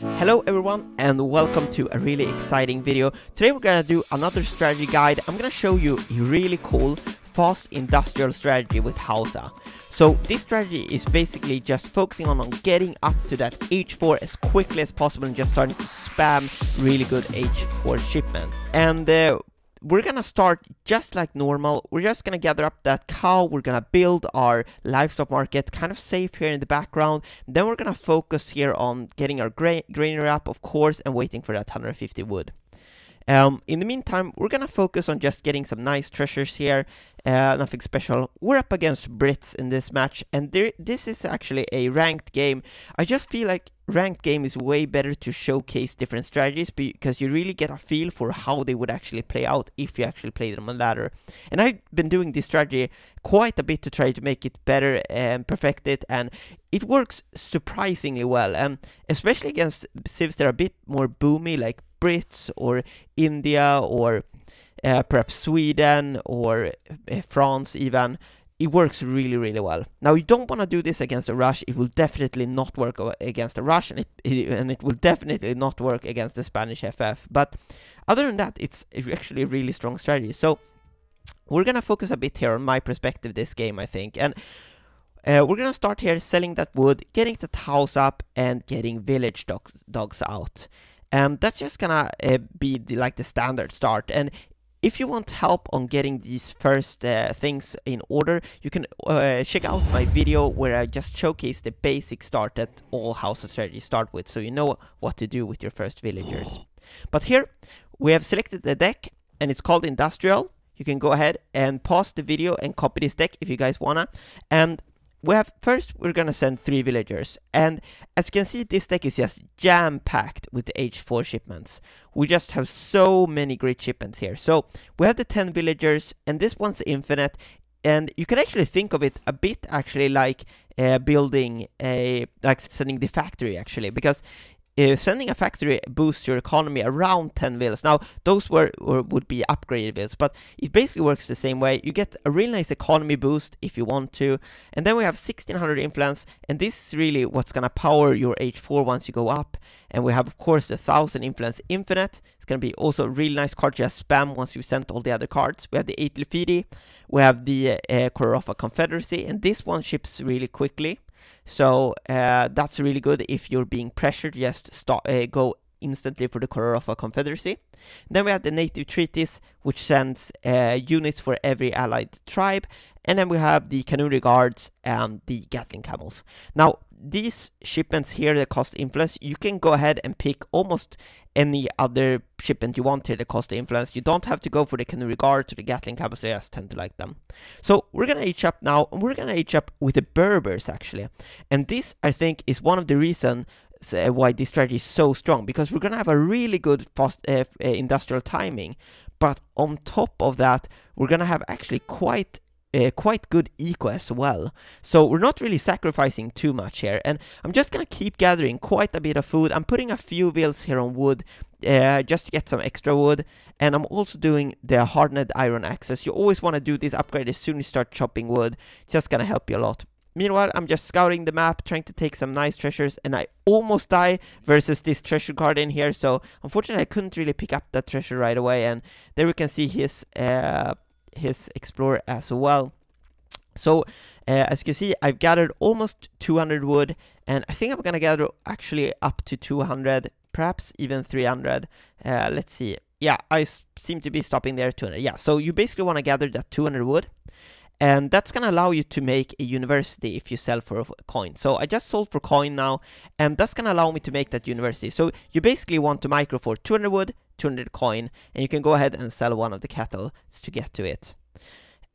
Hello everyone and welcome to a really exciting video. Today we're gonna do another strategy guide. I'm gonna show you a really cool fast industrial strategy with Hausa. So this strategy is basically just focusing on, on getting up to that H4 as quickly as possible and just starting to spam really good H4 shipments. And uh, we're gonna start just like normal. We're just gonna gather up that cow. We're gonna build our livestock market kind of safe here in the background. Then we're gonna focus here on getting our gra granary up, of course, and waiting for that 150 wood. Um, in the meantime, we're gonna focus on just getting some nice treasures here, uh, nothing special. We're up against Brits in this match, and there, this is actually a ranked game. I just feel like ranked game is way better to showcase different strategies because you really get a feel for how they would actually play out if you actually play them on ladder. And I've been doing this strategy quite a bit to try to make it better and perfect it, and it works surprisingly well. And especially against civs that are a bit more boomy, like Brits or India or uh, perhaps Sweden or eh, France even, it works really, really well. Now, you don't want to do this against a rush. It will definitely not work against a rush, and it, it, and it will definitely not work against the Spanish FF. But other than that, it's actually a really strong strategy. So we're going to focus a bit here on my perspective this game, I think. And uh, we're going to start here selling that wood, getting that house up, and getting village dogs, dogs out. And that's just gonna uh, be the, like the standard start and if you want help on getting these first uh, things in order, you can uh, check out my video where I just showcase the basic start that all house strategies start with, so you know what to do with your first villagers. But here, we have selected the deck, and it's called Industrial. You can go ahead and pause the video and copy this deck if you guys wanna. And we have first we're gonna send three villagers and as you can see this deck is just jam packed with the h4 shipments we just have so many great shipments here so we have the 10 villagers and this one's infinite and you can actually think of it a bit actually like uh, building a like sending the factory actually because sending a factory boosts your economy around 10 villas. Now, those were would be upgraded villas, but it basically works the same way. You get a really nice economy boost if you want to, and then we have 1600 influence, and this is really what's gonna power your H4 once you go up. And we have, of course, the 1000 influence infinite. It's gonna be also a really nice card just spam once you sent all the other cards. We have the 8 Lufidi, we have the uh, Confederacy, and this one ships really quickly. So uh, that's really good if you're being pressured. Just start, uh, go instantly for the color of a confederacy. Then we have the native treaties, which sends uh, units for every allied tribe. And then we have the Canary Guards and the Gatling Camels. Now, these shipments here that cost influence, you can go ahead and pick almost any other shipment you want here that cost influence. You don't have to go for the Canary Guards or the Gatling Camels, I just tend to like them. So we're gonna age up now, and we're gonna age up with the Berbers actually. And this, I think, is one of the reason uh, why this strategy is so strong because we're going to have a really good post, uh, uh, industrial timing, but on top of that, we're going to have actually quite uh, quite good eco as well. So we're not really sacrificing too much here. And I'm just going to keep gathering quite a bit of food. I'm putting a few wheels here on wood uh, just to get some extra wood. And I'm also doing the hardened iron axes. You always want to do this upgrade as soon as you start chopping wood. It's just going to help you a lot. Meanwhile, I'm just scouting the map, trying to take some nice treasures, and I almost die versus this treasure card in here. So unfortunately, I couldn't really pick up that treasure right away. And there we can see his uh, his explorer as well. So uh, as you can see, I've gathered almost 200 wood, and I think I'm gonna gather actually up to 200, perhaps even 300. Uh, let's see. Yeah, I seem to be stopping there 200. Yeah, so you basically want to gather that 200 wood and that's going to allow you to make a university if you sell for a coin. So I just sold for coin now, and that's going to allow me to make that university. So you basically want to micro for 200 wood, 200 coin, and you can go ahead and sell one of the cattle to get to it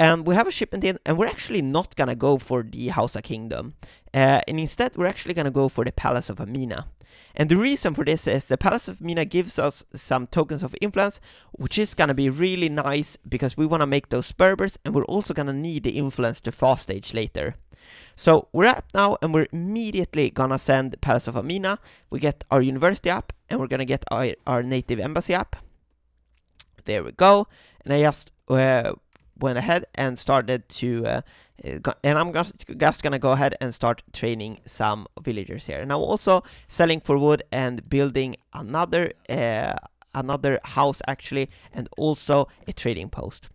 and we have a shipment in, and we're actually not gonna go for the Hausa Kingdom, uh, and instead we're actually gonna go for the Palace of Amina. And the reason for this is the Palace of Amina gives us some tokens of influence, which is gonna be really nice because we wanna make those Berbers, and we're also gonna need the influence to fast stage later. So we're up now and we're immediately gonna send Palace of Amina, we get our university up, and we're gonna get our, our native embassy up. There we go, and I just uh, went ahead and started to, uh, uh and I'm just gonna go ahead and start training some villagers here. And I'm also selling for wood and building another, uh, another house actually, and also a trading post.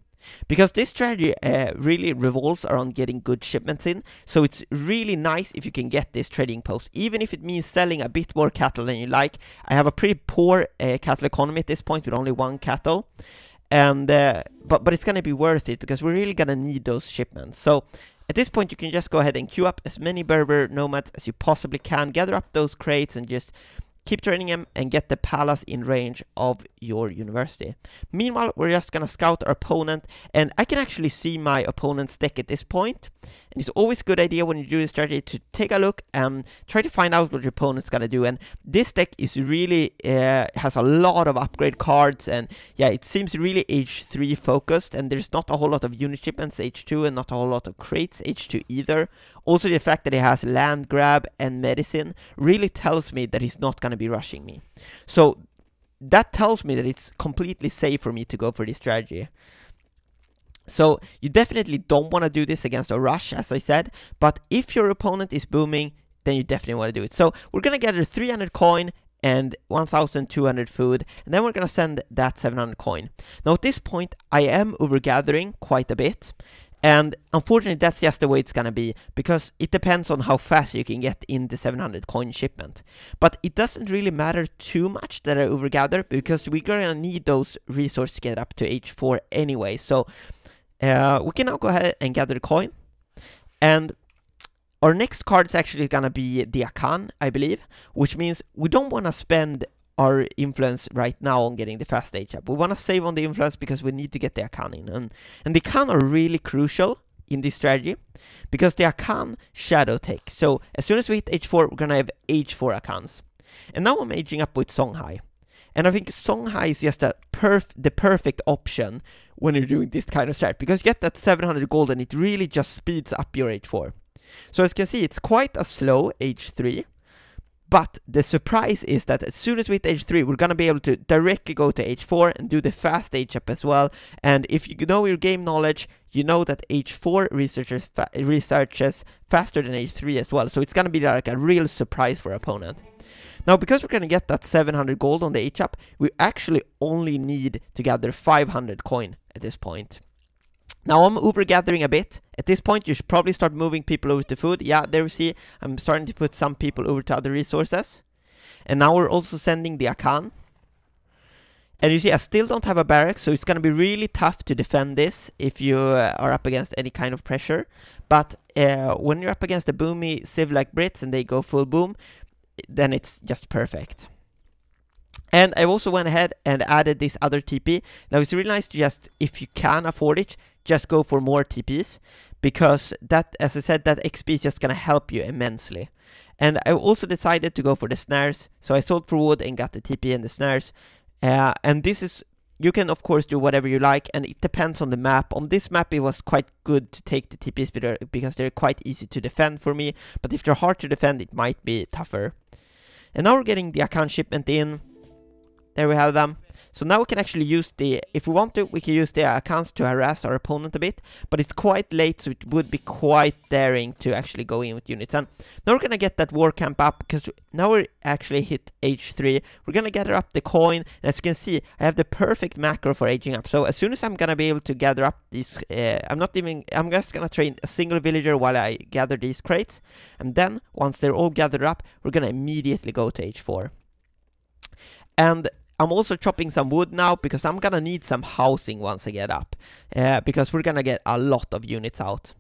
Because this strategy uh, really revolves around getting good shipments in, so it's really nice if you can get this trading post, even if it means selling a bit more cattle than you like. I have a pretty poor uh, cattle economy at this point with only one cattle, and uh, but but it's gonna be worth it because we're really gonna need those shipments. So at this point, you can just go ahead and queue up as many Berber nomads as you possibly can, gather up those crates, and just Keep training him and get the Palace in range of your university. Meanwhile, we're just gonna scout our opponent and I can actually see my opponent's deck at this point. And it's always a good idea when you do this strategy to take a look and try to find out what your opponent's gonna do. And this deck is really, uh, has a lot of upgrade cards and yeah, it seems really H3 focused and there's not a whole lot of unit shipments H2 and not a whole lot of crates H2 either. Also, the fact that he has land grab and medicine really tells me that he's not going to be rushing me. So that tells me that it's completely safe for me to go for this strategy. So you definitely don't want to do this against a rush, as I said, but if your opponent is booming, then you definitely want to do it. So we're going to gather 300 coin and 1200 food and then we're gonna send that 700 coin now at this point i am over gathering quite a bit and unfortunately, that's just the way it's gonna be because it depends on how fast you can get in the 700 coin shipment. But it doesn't really matter too much that I overgather because we're gonna need those resources to get up to H4 anyway. So uh, we can now go ahead and gather the coin. And our next card is actually gonna be the Akan, I believe, which means we don't wanna spend our influence right now on getting the fast HAP. We want to save on the influence because we need to get the Akan in. And, and the Akan are really crucial in this strategy because the Akan shadow take. So as soon as we hit h4, we're going to have h4 Akans. And now I'm aging up with Songhai. And I think Songhai is just perf the perfect option when you're doing this kind of strategy because you get that 700 gold and it really just speeds up your h4. So as you can see, it's quite a slow h3 but the surprise is that as soon as we hit H3, we're going to be able to directly go to H4 and do the fast H up as well. And if you know your game knowledge, you know that H4 researches fa researches faster than H3 as well. So it's going to be like a real surprise for opponent. Now, because we're going to get that 700 gold on the H up, we actually only need to gather 500 coin at this point. Now I'm Uber gathering a bit. At this point, you should probably start moving people over to food. Yeah, there we see I'm starting to put some people over to other resources. And now we're also sending the Akan. And you see, I still don't have a barracks, so it's going to be really tough to defend this if you uh, are up against any kind of pressure. But uh, when you're up against a boomy civ like Brits and they go full boom, then it's just perfect. And I also went ahead and added this other TP. Now it's really nice to just, if you can afford it, just go for more TPs because that, as I said, that XP is just going to help you immensely. And I also decided to go for the snares. So I sold for wood and got the TP and the snares. Uh, and this is, you can of course do whatever you like and it depends on the map. On this map it was quite good to take the TPs because they're quite easy to defend for me. But if they're hard to defend it might be tougher. And now we're getting the account shipment in. There we have them. So now we can actually use the, if we want to, we can use the accounts to harass our opponent a bit, but it's quite late, so it would be quite daring to actually go in with units. And now we're gonna get that war camp up, because now we're actually hit H3. We're gonna gather up the coin, and as you can see, I have the perfect macro for aging up. So as soon as I'm gonna be able to gather up these, uh, I'm not even, I'm just gonna train a single villager while I gather these crates, and then, once they're all gathered up, we're gonna immediately go to H4. And I'm also chopping some wood now because I'm gonna need some housing once I get up, uh, because we're gonna get a lot of units out.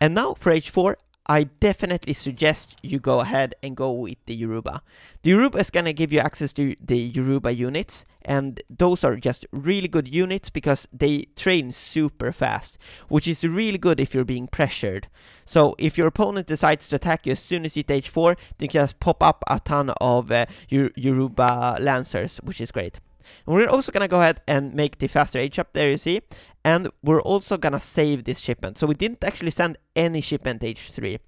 And now for H4, I definitely suggest you go ahead and go with the Yoruba. The Yoruba is going to give you access to the Yoruba units, and those are just really good units because they train super fast, which is really good if you're being pressured. So if your opponent decides to attack you as soon as you take 4, they just pop up a ton of uh, Yoruba Lancers, which is great. And we're also going to go ahead and make the faster age up there, you see and we're also gonna save this shipment. So we didn't actually send any shipment H3.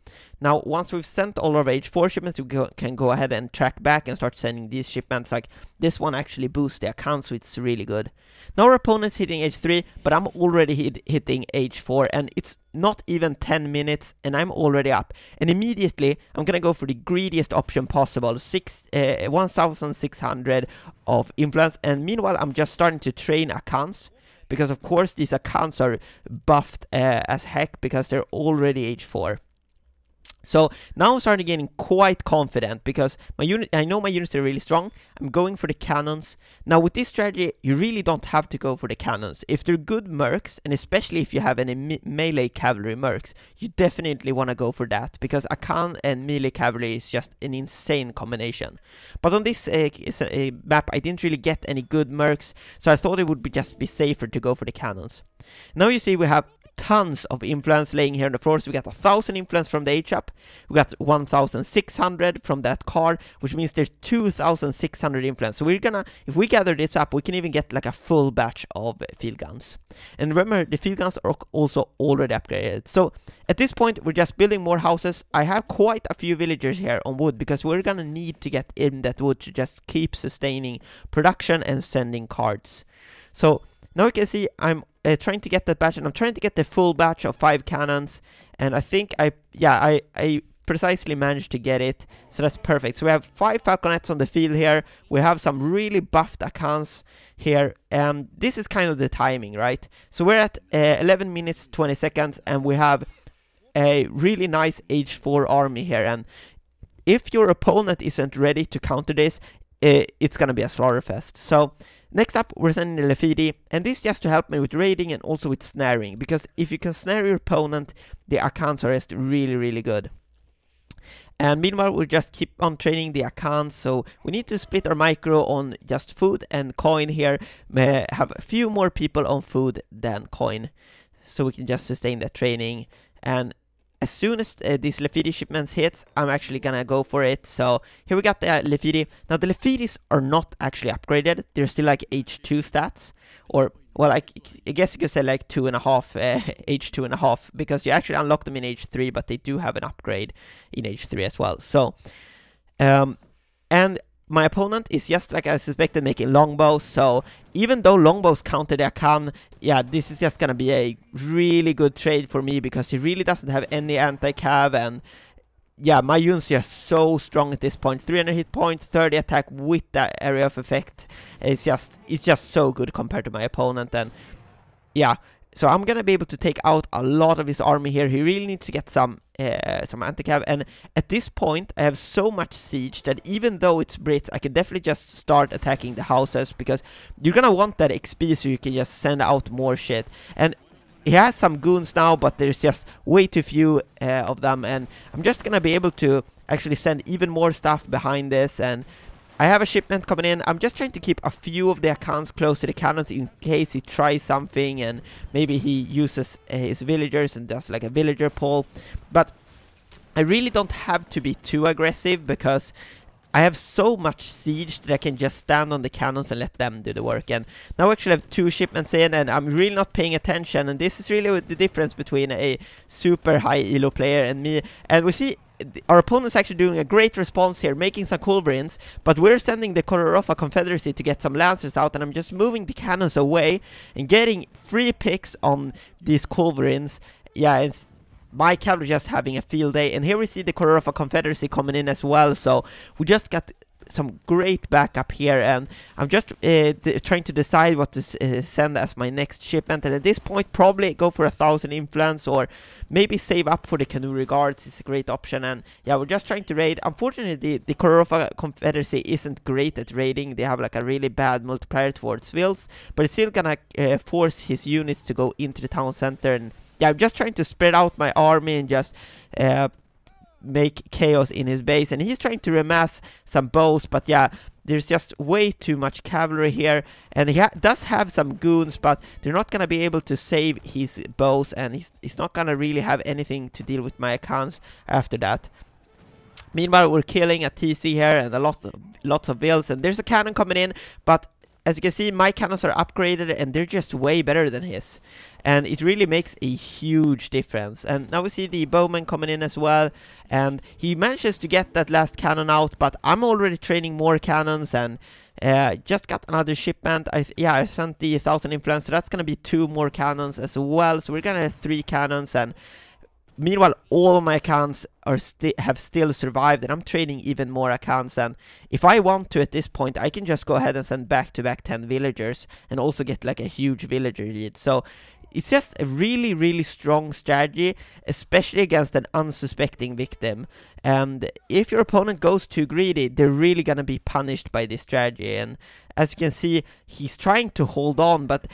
Now, once we've sent all of H4 shipments, we go, can go ahead and track back and start sending these shipments. Like, this one actually boosts the account, so it's really good. Now our opponent's hitting H3, but I'm already hit, hitting H4, and it's not even 10 minutes, and I'm already up. And immediately, I'm gonna go for the greediest option possible, six, uh, eh, 1,600 of influence, and meanwhile, I'm just starting to train accounts because of course these accounts are buffed uh, as heck because they're already age 4. So now I'm starting getting quite confident because my unit I know my units are really strong. I'm going for the cannons. Now with this strategy, you really don't have to go for the cannons. If they're good mercs, and especially if you have any me melee cavalry mercs, you definitely want to go for that because can and melee cavalry is just an insane combination. But on this uh, map, I didn't really get any good mercs, so I thought it would be just be safer to go for the cannons. Now you see we have tons of influence laying here on the floor. So we got a thousand influence from the HUP. We got 1,600 from that car, which means there's 2,600 influence. So we're gonna, if we gather this up, we can even get like a full batch of field guns. And remember, the field guns are also already upgraded. So at this point, we're just building more houses. I have quite a few villagers here on wood because we're gonna need to get in that wood to just keep sustaining production and sending cards. So now you can see I'm uh, trying to get that batch, and I'm trying to get the full batch of five cannons. And I think I, yeah, I, I precisely managed to get it, so that's perfect. So we have five Falconets on the field here, we have some really buffed accounts here, and this is kind of the timing, right? So we're at uh, 11 minutes 20 seconds, and we have a really nice H4 army here, and if your opponent isn't ready to counter this, uh, it's gonna be a slaughterfest. So Next up, we're sending the Lafidi, and this just to help me with raiding and also with snaring, because if you can snare your opponent, the accounts are just really, really good. And meanwhile, we'll just keep on training the accounts, so we need to split our micro on just food and coin here, have a few more people on food than coin, so we can just sustain that training. And as soon as uh, these Lefidi shipments hits, I'm actually gonna go for it. So here we got the uh, Lefidi. Now the Lefidis are not actually upgraded. They're still like H2 stats, or well, I, I guess you could say like two and a half uh, H2 and a half because you actually unlock them in H3, but they do have an upgrade in H3 as well. So, um, and my opponent is just like I suspected making longbows, so even though longbows counter their can, yeah, this is just gonna be a really good trade for me because he really doesn't have any anti-cav and yeah, my units are so strong at this point. 300 hit point, 30 attack with that area of effect. It's just it's just so good compared to my opponent and yeah, so I'm gonna be able to take out a lot of his army here. He really needs to get some uh, some anti-cav. And at this point, I have so much siege that even though it's Brits, I can definitely just start attacking the houses because you're gonna want that XP so you can just send out more shit. And he has some goons now, but there's just way too few uh, of them. And I'm just gonna be able to actually send even more stuff behind this and I have a shipment coming in. I'm just trying to keep a few of the accounts close to the cannons in case he tries something and maybe he uses uh, his villagers and does like a villager pull. But I really don't have to be too aggressive because I have so much siege that I can just stand on the cannons and let them do the work. And now I actually have two shipments in and I'm really not paying attention. And this is really the difference between a super high elo player and me. And we see our opponent's actually doing a great response here, making some Colbrins, but we're sending the Kororofa Confederacy to get some Lancers out, and I'm just moving the cannons away and getting free picks on these Colbrins. Yeah, it's my cavalry just having a field day, and here we see the Kororofa Confederacy coming in as well, so we just got some great backup here and I'm just uh, trying to decide what to uh, send as my next shipment and at this point probably go for a thousand influence or maybe save up for the canoe regards is a great option and yeah we're just trying to raid unfortunately the, the Confederacy isn't great at raiding they have like a really bad multiplier towards wills but it's still gonna uh, force his units to go into the town center and yeah I'm just trying to spread out my army and just uh, make chaos in his base and he's trying to remass some bows but yeah there's just way too much cavalry here and he ha does have some goons but they're not gonna be able to save his bows and he's, he's not gonna really have anything to deal with my accounts after that meanwhile we're killing a tc here and a lot of lots of bills and there's a cannon coming in but as you can see, my cannons are upgraded and they're just way better than his. And it really makes a huge difference. And now we see the bowman coming in as well. And he manages to get that last cannon out, but I'm already training more cannons and uh, just got another shipment. I yeah, I sent the 1000 influence, so that's gonna be two more cannons as well. So we're gonna have three cannons and meanwhile all of my cannons are sti have still survived and I'm trading even more accounts and if I want to at this point I can just go ahead and send back to back 10 villagers and also get like a huge villager lead so it's just a really really strong strategy especially against an unsuspecting victim and if your opponent goes too greedy they're really gonna be punished by this strategy and as you can see he's trying to hold on but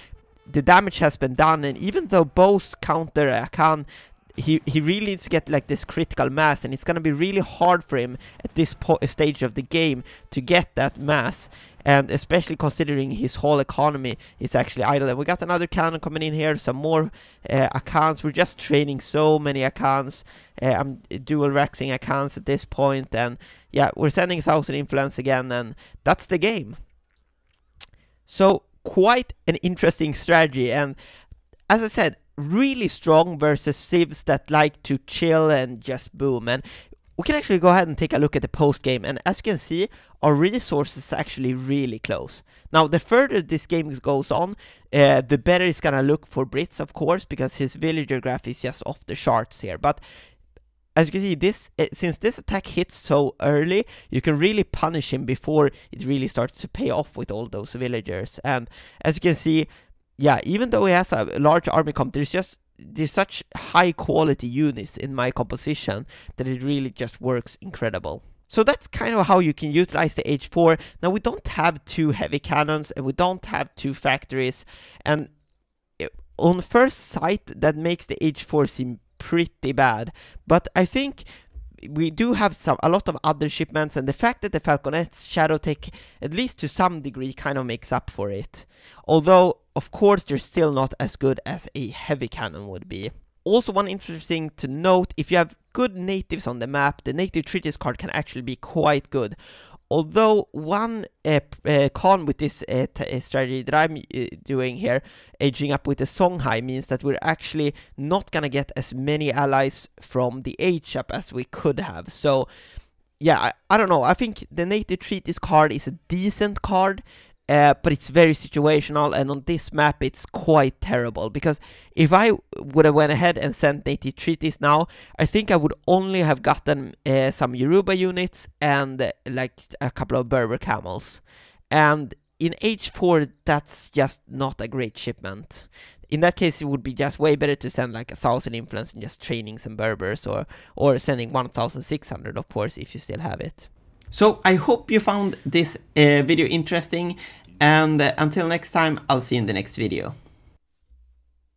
the damage has been done and even though both counter Akan he he really needs to get like this critical mass, and it's gonna be really hard for him at this stage of the game to get that mass. And especially considering his whole economy is actually idle. And we got another cannon coming in here, some more uh, accounts. We're just training so many accounts. Uh, I'm um, dual rexing accounts at this point, and yeah, we're sending thousand influence again, and that's the game. So quite an interesting strategy, and as I said, really strong versus sieves that like to chill and just boom. And we can actually go ahead and take a look at the post game. And as you can see, our resources actually really close. Now, the further this game goes on, uh, the better it's gonna look for Brits, of course, because his villager graph is just off the charts here. But as you can see, this uh, since this attack hits so early, you can really punish him before it really starts to pay off with all those villagers. And as you can see, yeah, even though he has a large army comp, there's just there's such high quality units in my composition that it really just works incredible. So that's kind of how you can utilize the H4. Now we don't have two heavy cannons and we don't have two factories and on first sight that makes the H4 seem pretty bad. But I think we do have some a lot of other shipments, and the fact that the Falconet's Tech, at least to some degree, kind of makes up for it. Although, of course, they're still not as good as a heavy cannon would be. Also, one interesting thing to note, if you have good natives on the map, the native treaties card can actually be quite good. Although one uh, uh, con with this uh, uh strategy that I'm uh, doing here, aging up with the Songhai, means that we're actually not gonna get as many allies from the age up as we could have. So yeah, I, I, don't know. I think the native Treaties card is a decent card uh, but it's very situational and on this map it's quite terrible because if I would have went ahead and sent native treaties now I think I would only have gotten uh, some Yoruba units and uh, like a couple of Berber camels and in H4 that's just not a great shipment in that case it would be just way better to send like a thousand influence and just training some Berbers or or sending 1600 of course if you still have it so I hope you found this uh, video interesting and uh, until next time I'll see you in the next video.